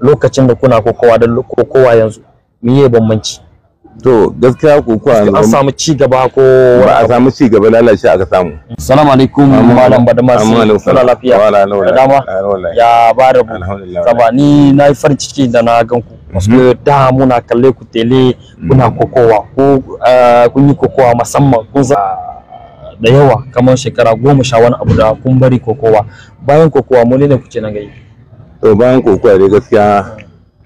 lokacin da kuna kokowa da kokowa yanzu miye bambanci to gaskiya kokowa an samu ci gaba ko an a samu ci gaba lalace aka samu assalamu alaikum malam badama sai lafiya Wala dama ya ba rabu saba ni na yi farin ciki da na gan ku wasu mhm. da muna kalle ku tele kuna mhm. kokowa ko kun yi kokowa musamman kun da yawa kamar shekara goma sha wani abu da kun bari kokowa bayan kokowa mu ne kuke nan gai to bayan kokowa dai gaskiya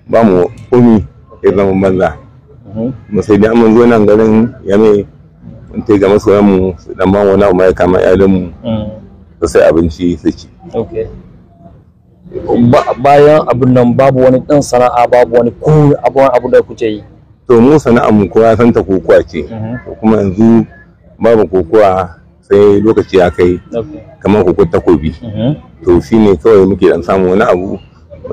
ba mu umi ya zama banza mhm. mu sai dai mun zo nan garin ya mun ta ga masoyan mu su dan ba wani abu mai kama iyalin mu mm. su sai abinci su ci bayan abin nan babu wani dan sana'a babu wani abuwan abu da kuke yi to mu sana'ar mu kowa san ta kokowa ce mhm. kuma yanzu babu kokowa sai lokaci ya kai kamar kokon takobi mhm. to shine kawai muke dan samu wani abu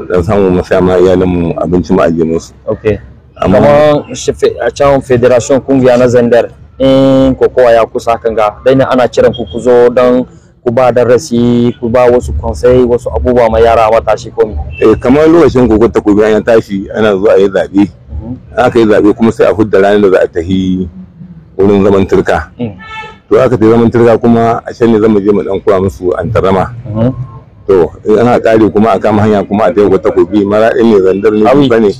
dan samu mu sa ma iyalan mu abinci mu aje musu okay amma a can federation kungiya na zandar in kokowa ya kusa kan ga dai ana kiran ku ku zo dan ku ba darasi ku ba wasu konsai wasu abubuwa ma yara matashi ko eh kamar lokacin gogo ta ku bayan tashi ana zuwa yi zabe mhm. aka yi zabe kuma sai a fudda ranar da za a tafi wurin zaman turka mm. to aka tafi zaman turka kuma a can ne zama je mu dan kuwa musu antarama mhm. to ana kare kuma a kama hanya kuma a taiko takobi mara ne zandar ne ba ne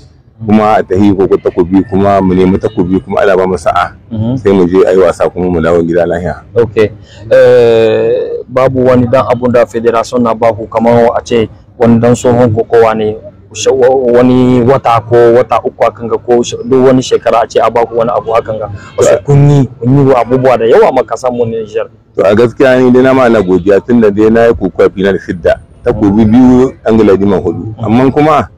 kuma a tahi ko takobi kuma mu nemi takobi kuma ana ba mu sa'a mhm. sai mu je a wasa kuma mu dawo gida lahiya. eh babu wani dan abun da federation na baku kamar a ce wani dan tsohon kokowa ne wani wata ko wata uku hakan ga ko duk wani shekara a ce a baku wani abu hakan ga wasu kun yi kun yi abubuwa da yawa maka samu ne Niger to a gaskiya ni dai na ma na godiya tunda dai na yi kokowa final shidda ta gobi biyu an galaji man hudu amma kuma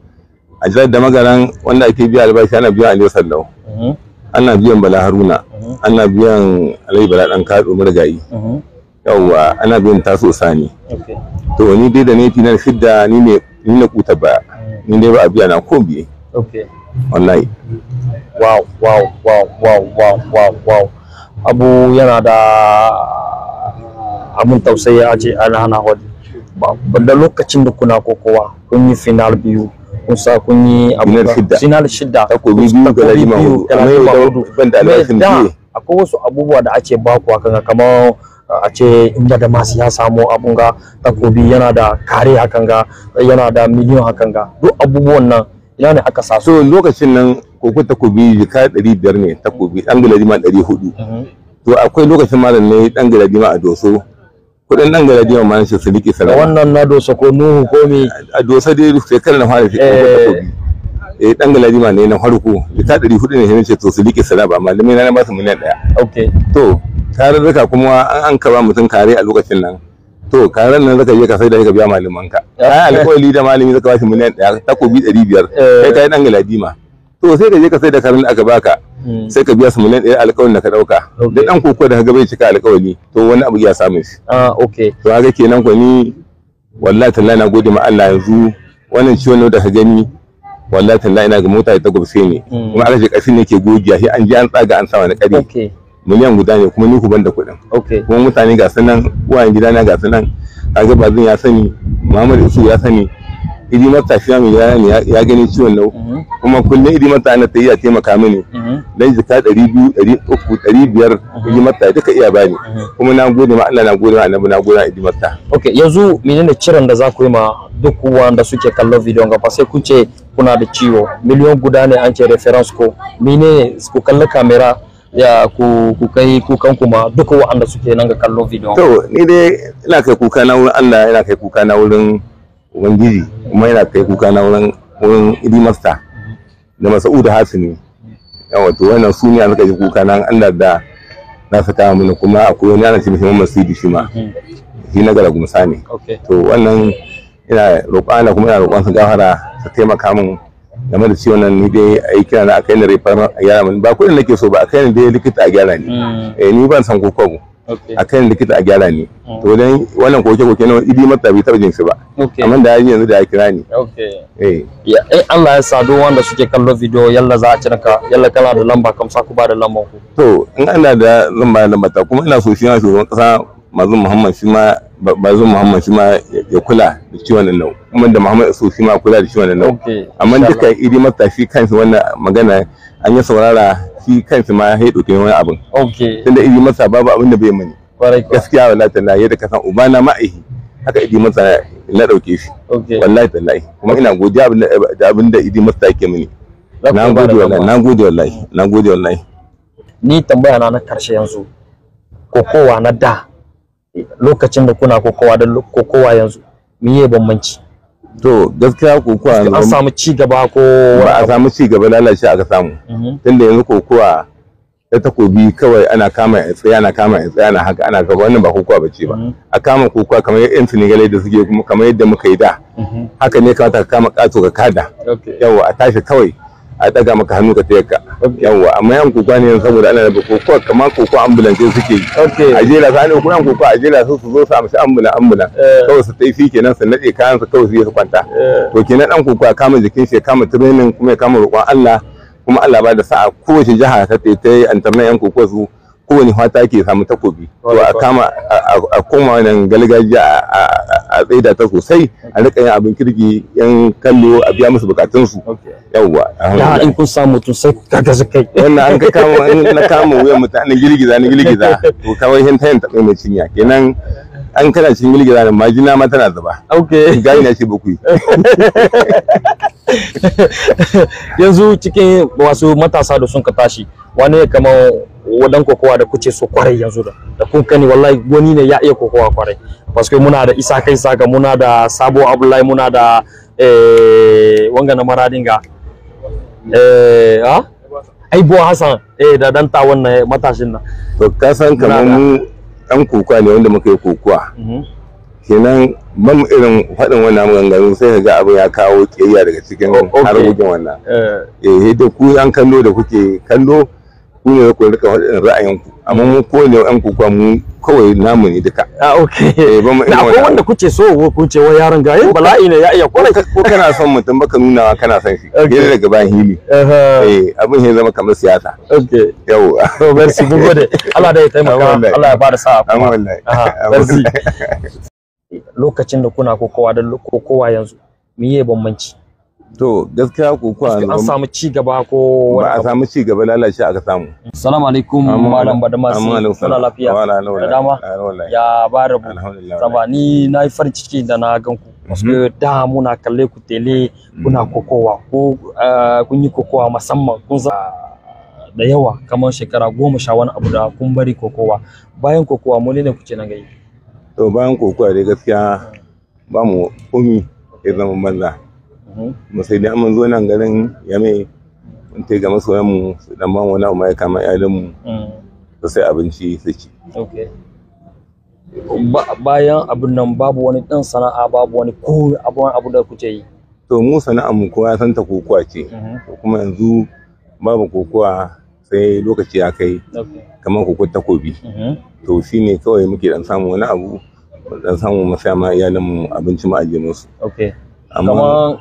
a jihar da magaran wanda ake biya albashi ana biyan Aliyu Sallau mhm. ana biyan Bala Haruna mhm. ana biyan Alhaji Bala dan Kado Murgayi mhm. yawwa ana biyan Taso Sani to ni dai da ne final shidda ni ne ni na kuta baya ni dai ba a biya na ko biye okay wallahi wow wow wow wow wow wow abu yana da abun tausayi a ce ana hana wadi da lokacin da kuna kokowa kun yi final biyu kun sa kun yi abu final shida takobi biyu ga lalima hudu amma da ban da akwai wasu abubuwa da ake baku akan kamar a ce inda da masu ya samu abun ga takobi yana da kare hakan ga yana da miliyon hakan ga duk abubuwan nan ina ne aka sa so lokacin nan kokon takobi jika 500 ne takobi dan galadi ma 400 mhm. to akwai lokacin malam ne dan galadi ma a doso kudin dan galadi ma shi su liki sala wannan na doso ko nuhu ko me a doso dai sai kan na fara eh. takobi eh dan galadi ma ne na farko jika 400 ne ne ce to su liki ba malamai na ba su miliyan daya okay to tarurruka kuma an an ka ba mutum kare a lokacin nan to karen nan zaka yi ka sai da ka biya malaman ka ai alƙawari da malami zaka shi miliyan ɗaya takobi ɗari biyar eh. kai kai dan galadima to sai ka je ka sai da karen da aka baka hmm. sai ka biya su miliyan ɗaya alƙawarin da ka ɗauka duk ɗan koko da ka bai cika alƙawari to wani abu ya samu shi a ah, okay to haka kenan ko ni wallahi tallahi na gode ma Allah yanzu wannan ciwon da ka gani wallahi tallahi ina ga mota ta gurfe ne hmm. kuma aka je ƙasin ne ke gogiya sai an je an tsaga an sa wani ƙari miliyan guda ne kuma ni ku banda kuɗin kuma mutane ga sanan uwayen gidana ga sanan kaga bazin ya sani muhammad isu ya sani idi mata shi mai yaya ya gani ciwon nau mhm. kuma kullum idi mata ana tayi ya taimaka mini dan mhm. jika 200 300 500 idi mata duka iya bani mhm. kuma na gode ma Allah na gode ma Annabi na gode ma idi mata okay yanzu menene ciran da za ku yi ma duk wanda suke kallon bidiyon ga sai kun ce kuna da ciwo miliyon guda ne an ce reference ko menene ku kalli kamera ya ku ku kai kukan kuma duka waɗanda suke nan ga kallon video. to ni dai ina kai kuka na wurin Allah ina kai kuka na wurin ubangiji kuma ina kai kuka na wurin wurin idi master da masa'udu hasini yawa to wannan su ne suka ji kuka na Allah da na saka mana kuma akwai wani ana ce mishi Muhammad Sidi shi ma shi na gara gumsa ne to wannan ina roƙa kuma ina roƙon su gafara su taimaka min game da ciwon nan ni dai a yi kira na akai na refar a gyara mani ba kuɗin nake so ba akai ni dai likita a gyara ni mm. eh ni ban san kokogo akai ni likita a gyara ni mm. to dan wannan koke koke na idi mata bai taba jin shi ba amma da yayin yanzu da ya kira ni eh eh Allah ya sa duk wanda suke kallon video yalla za a cire ka yalla kana da lamba kamsa ku ba da lamban ku to in ana da lamba lamba ta kuma ina so shi na shugaban kasa mazun Muhammad shi ma bazon muhammad shi ma ya kula da ciwon nan nau kuma da muhammad isu shi ma kula da ciwon nan nau amma duka idi masa shi kansa wannan magana an yi saurara shi kansa ma ya dauke wani abin tunda idi masa babu abin da bai mani gaskiya wallahi tallahi yadda ka san ubana ma'aiki haka idi masa na dauke shi wallahi tallahi kuma ina godiya da abin da idi masa yake mini na gode wallahi na gode wallahi na gode wallahi ni tambaya na na karshe yanzu kokowa na da lokacin da kuna kokowa da kokowa yanzu miye bambanci to gaskiya kokowa an samu ci gaba ko ba a samu ci gaba lalace aka samu mhm. tunda yanzu kokowa ta takobi kawai ana kama ya tsaya ana kama ya tsaya ana haka ana gaba wannan ba kokowa bace ba mhm. a kama kokowa kamar yan Senegal da suke kuma kamar yadda muka yi da mhm. haka ne ka ta kama kato ka kada yawa a tashi kawai a daga maka hannu ka tayar ka yawa amma yan kuka ne saboda ana da kokowa kamar kokowa ambulance suke yi a jela sa ne kuma yan kokowa a jela su su zo su amshi ambula ambula eh. kawai su taifi kenan su nade kayan su kawai su yi su kwanta eh. to kenan dan kokowa kama jikin shi kama training kuma ya kama roƙon Allah kuma Allah ba da sa'a kowace jiha ta ta yi an tarna yan kokowa su kowane fata ke samu takobi to a kama a koma nan galgajiya a tsaida ta sosai a rika yin abin kirki yan kallo a biya musu bukatun su yawwa da in kun samu tun sai ka su kai wannan an ka kama na kama wuyan mutanen girgiza ni girgiza to kawai hin tayin taɓa mai cinya kenan an kana cikin girgiza ne majina ma tana zuba okay gani na ce bakwai yanzu cikin wasu matasa da sun ka tashi wani ya kama wadan kokowa da kuce so kwarai yanzu da da kun kani wallahi wani ne ya iya kokowa kwarai paske muna da isa kai saka muna da sabo abdullahi muna da eh wanga na maradinga eh ha ah? bo hasan eh da danta wannan matashin nan to kasan kamar mu dan kokowa ne wanda muka yi kokowa mhm. kenan ban irin faɗin wannan maganganu sai ka ga abin ya kawo ƙiyayya daga cikin harkokin wannan eh, eh da ku yan kallo da kuke kallo ku ne ku rika faɗin ra'ayinku amma mu ko ne yan kuka mu kawai namu ne duka a ah, ok, eh, na akwai wanda kuke so ko ce wa yaron ga yin bala'i ne ya iya kwarai ko kana son mutum baka nuna kana son shi yana daga bayan hili eh abin ya zama kamar siyasa okay yau to merci bugo gode Allah da ya taimaka Allah ya bada sa'a kuma merci lokacin da kuna kokowa da kokowa yanzu miye bambanci To gaskiya ku kokowa an samu ci gaba ko ba a samu ci gaba lalace aka samu. Assalamu alaikum malam badama sai Kuna lafiya? wala wala dama. Ya barabu. Saba ni na yi farin ciki da na gan ku. Wasu mhm. da muna kalle ku tele kuna mhm. kokowa ko eh, kun yi kokowa musamman kun za da yawa kamar shekara goma sha wani abu da kun bari kokowa. Bayan kokowa mu ne ku ce na gai. To bayan kokowa dai gaskiya ba mu umi ya zama manza mu sai da mun zo nan garin yame mun tai ga masoyan mu su dan ban wani abu ya kama iyalin mu su mm. sai abinci su ci bayan abin nan babu wani dan sana'a babu wani ko abun abu da kuke yi to mu sana'ar mu kowa san ta kokowa ce kuma yanzu babu kokowa sai lokaci ya kai kamar kokon takobi to shi ne kawai muke dan samu wani abu dan samu mu ma iyalan mu abinci mu aje musu kamar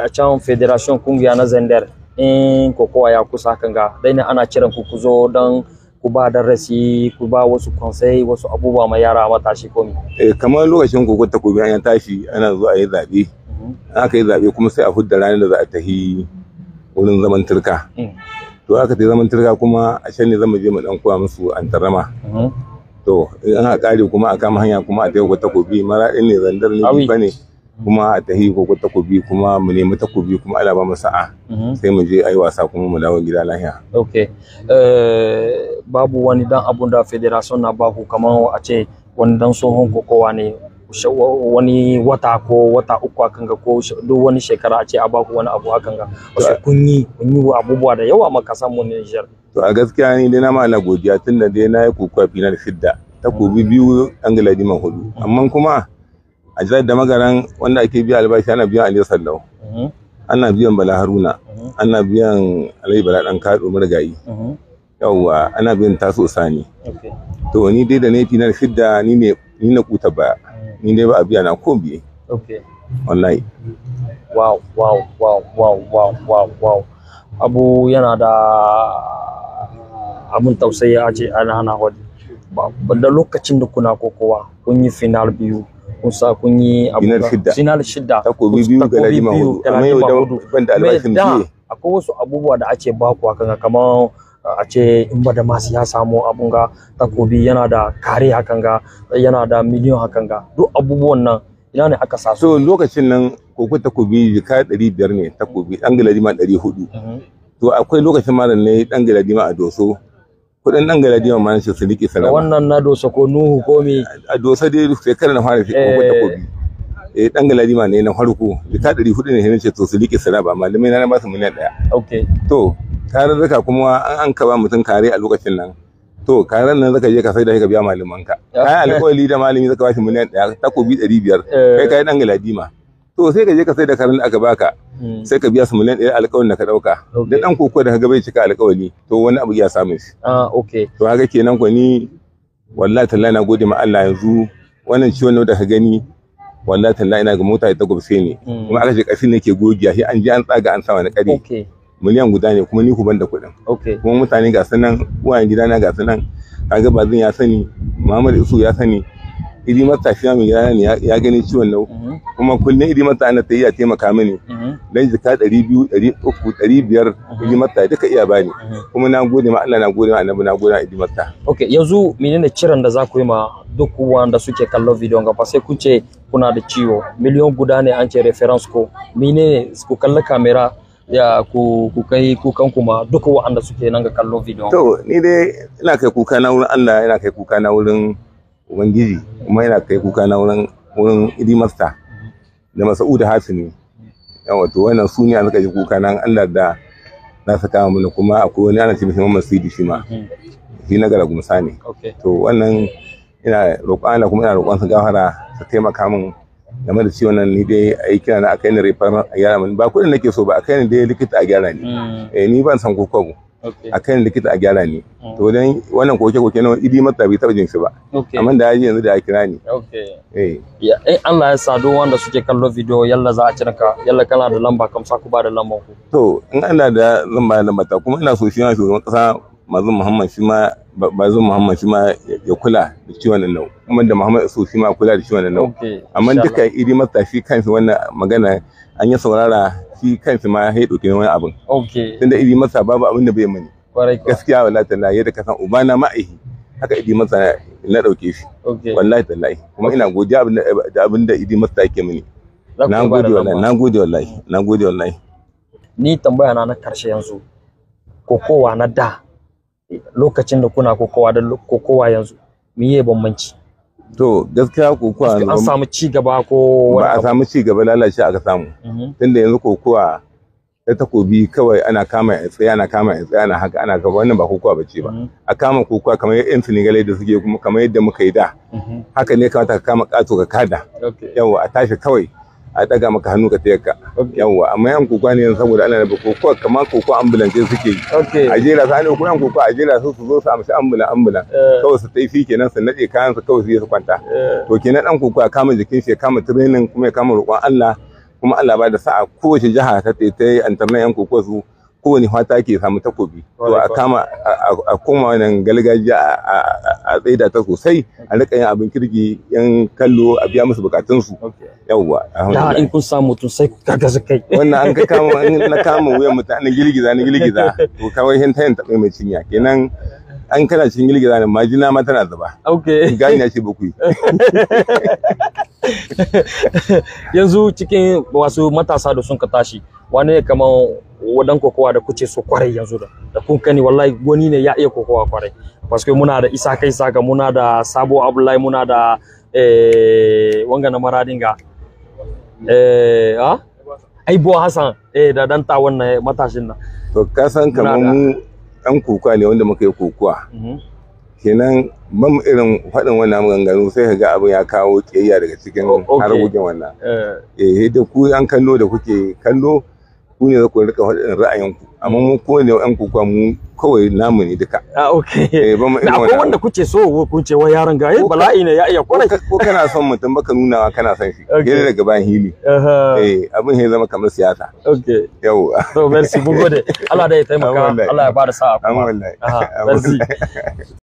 a can federation kungiya na zender in kokowa ya kusa kan ga dai ana kiran ku ku zo don ku ba darasi ku ba wasu konsai wasu abubuwa mai yara matashi komi eh kamar lokacin gogo ta kobi bayan tashi ana zuwa yi zabe mhm. aka yi zabe kuma sai a hudda ranar da za a tahi wurin zaman turka mm. to aka tafi zaman turka kuma a can ne zama je mu dan kuwa musu antarama mhm. to in aka kare kuma a kama hanya kuma a tafi bi mara ne zandar ne ba ne kuma a tahi ko takobi kuma mu nemi takobi kuma ala ba mu a mhm. sai mu je ayi wasa kuma mu dawo gida lahiya okay uh, babu wani dan abun da federation na ku kamar a ce wani dan tsohon kokowa ne wani wata ko wata uku akan ga ko duk wani shekara a ce a baku wani abu akan ga wasu kun yi kun yi abubuwa da yawa maka samu Niger to a gaskiya ni dai na ma na godiya tunda dai na yi kokowa final fidda takobi biyu an giladi jiman hudu mhm. amma kuma a jihar da magaran wanda ake biya albashi ana biyan aliyu sallau mhm. ana biyan bala haruna mhm. ana biyan alayi bala dan kado margayi mhm. yawwa ana biyan taso sani to ni dai da nafi na shidda ni ne ni na kuta ba ni dai ba a biya na ko biye wallahi wow wow wow wow wow wow abu yana da abin tausayi a ce ana hana hodi da lokacin da kuna kokowa kun yi final biyu Musa kun yi abubuwa shidda shida shidda takobi biyu ga lalima hudu amma yau da ban da albashin biye akwai wasu abubuwa da ake baku hakan kamar a ce in ba da masu ya samu abun ga takobi yana da kare hakan ga yana da miliyon hakan ga duk abubuwan nan ina ne aka sa so lokacin nan koko takobi jika ɗari biyar ne takobi ɗan ga ma ɗari hudu mhm. to akwai lokacin malam ne ɗan ga ma a doso kudin dan galadiman ma nace su rike salama wannan na dosa ko nuhu ko me a dosa dai sai kar na fara ko eh. takobi ko eh dan galadima ne na farko bita 400 ne ce to su salama malamai na na ba su miliyan daya okay to zaka kuma an an ka ba mutum kare a lokacin nan to karar nan zaka je ka saida ka biya malamanka kai alƙawari da malami zaka ba shi miliyan daya takobi 500 eh. kai kai dan galadima to sai ka je ka sai da karin da aka baka hmm. sai ka biya su miliyan ɗaya alƙawarin da ka ɗauka da ɗan koko da ka bai cika alƙawari to wani abu ya samu shi ah, to haka kenan ko ni wallahi tallahi na gode ma Allah yanzu wannan ciwon da ka gani wallahi tallahi ina ga mota ta gobse ne hmm. kuma aka je ƙarfin ne ke gogiya sai an je an tsaga an sa wani ƙari miliyan guda ne kuma ni ku ban da kuɗin kuma mutane ga sanan uwayen gidana ga sanan kaga zan ya sani Muhammad Isu ya sani idi mata shi mai gida ne ya gani ciwon nan mhm. kuma kullum idi mata ana tayi ya taimaka mini mhm. dan jika 200 300 500 idi mata duka iya bani mhm. kuma na gode ma Allah na gode ma annabi na gode ma idi mata okay yanzu menene ciran da za ku yi ma duk wanda suke kallon video ga sai kun ce kuna da ciwo miliyon guda ne an ce reference ko menene ku kalli kamera ya ku ku kai kukan kuma duk wanda suke nan ga kallon video to ni dai ina kai kuka na wurin Allah ina kai kuka na wurin ubangiji kuma yana kai kuka na wurin wurin idimasta da masa'udu hasini yawa to wannan su ne an suka ji kuka nan allah da na saka mana kuma akwai wani ana ce mishi mamman sidi shi ma shi na gara gumsa ne to wannan ina roƙon allah kuma ina roƙon su gafara su taimaka min game da ciwon nan ni dai a yi kira na aka yi ni rifar a gyara mani ba kudin nake so ba a yi ni dai likita a gyara ni mm. eh, ni ban san kuka kwago a kan likita a gyara ni mm. to dan wannan koke koke na idi mata bai taba jin shi ba amma da yaji yanzu da ya kira ni eh eh Allah ya sa wanda suke kallon video yalla za a cire ka yalla kana da lamba kamsa ku ba da lamban ku to in ana da zan ba da mata kuma ina so shi na shugaban kasa mazun muhammad shi ma bazin muhammad shi ma ya kula da ciwon nan nau kuma da muhammad so shi ma kula da ciwon nan nau amma duka idi mata shi kansa wannan magana an yi saurara shi kansu ma ya ɗauke wani abin Ok. Tun da idi masa babu abin da bai mani Kwarai kwa. gaskiya wallahi tallahi yadda ka san ubana ma'aihi haka idi masa na ɗauke shi Ok. wallahi tallahi kuma ina godiya da abin da idi masa yake mini na gode wallahi na gode wallahi na gode wallahi ni tambaya na na karshe yanzu kokowa na da lokacin da kuna kokowa da kokowa yanzu miye bambanci to gaskiya kokowa an samu ci gaba ko ba a samu ci gaba lalace aka samu mhm. tunda yanzu kokowa ta takobi kawai ana kama ya tsaya ana kama ya tsaya ana haka ana gaba wannan ba kokowa bace ba mhm. a kama kokowa kamar yan sinigalai da suke kuma kamar yadda muka yi da mhm. haka ne kamata ka kama kato ka kada yawa a tashi kawai a daga maka hannu ka tayar ka yawa amma yan kokwa ne saboda ana da kokwa kamar kokwa ambulance suke yi a jera su kuma kokowa kokwa a jera su su zo su amshi ambulan ambulan eh. kawai su taifi kenan su nade kayan su kawai su yi su kwanta eh. to kenan dan kokwa kama jikin shi kama training kuma ya kama roƙon Allah kuma Allah ba da sa'a kowace jiha ta ta yi antarnan yan kokwa su kowane fata ke samu takobi to a kama a koma wannan galgajiya a tsaida ta sosai a rika yin abin kirgi yan kallo a biya musu bukatun su yawwa da in kun samu tun sai ku kaga su kai wannan an ka kama an na kama wuyan mutane girgiza ni girgiza to kawai hin tayin tabe mai cinya kenan an kana cikin girgiza ne majina ma tana zuba okay gani na ce bakwai yanzu cikin wasu matasa da sun ka tashi wani ne kamar wadan kokowa da kuce so kwarai yanzu da da kun kani wallahi goni ne ya iya kokowa kwarai paske muna da isa kai saka muna da sabo abdullahi muna da eh wanga na ga eh ah bo hassan eh da dan ta wannan matashin nan to ka san kamar mu dan kokowa ne wanda muka yi kokuwa mhm. kenan ban irin faɗin wannan maganganu sai ka ga abin ya kawo ƙiyayya daga cikin har gudun wannan eh, eh da ku an kallo da kuke kallo ku ne za ku rika faɗin ra'ayinku amma mu ko ne yan kuka mu kawai namu ne duka a ah, oke eh ban irin wannan akwai wanda kuce so ku ce wa yaron ga eh bala'i ne ya iya kwarai ko kana son mutum baka nuna wa kana son shi yana daga ban hili eh abin sai zama kamar siyasa oke yau so merci mun gode Allah da ya taimaka Allah ya ba da sa'a kuma wallahi merci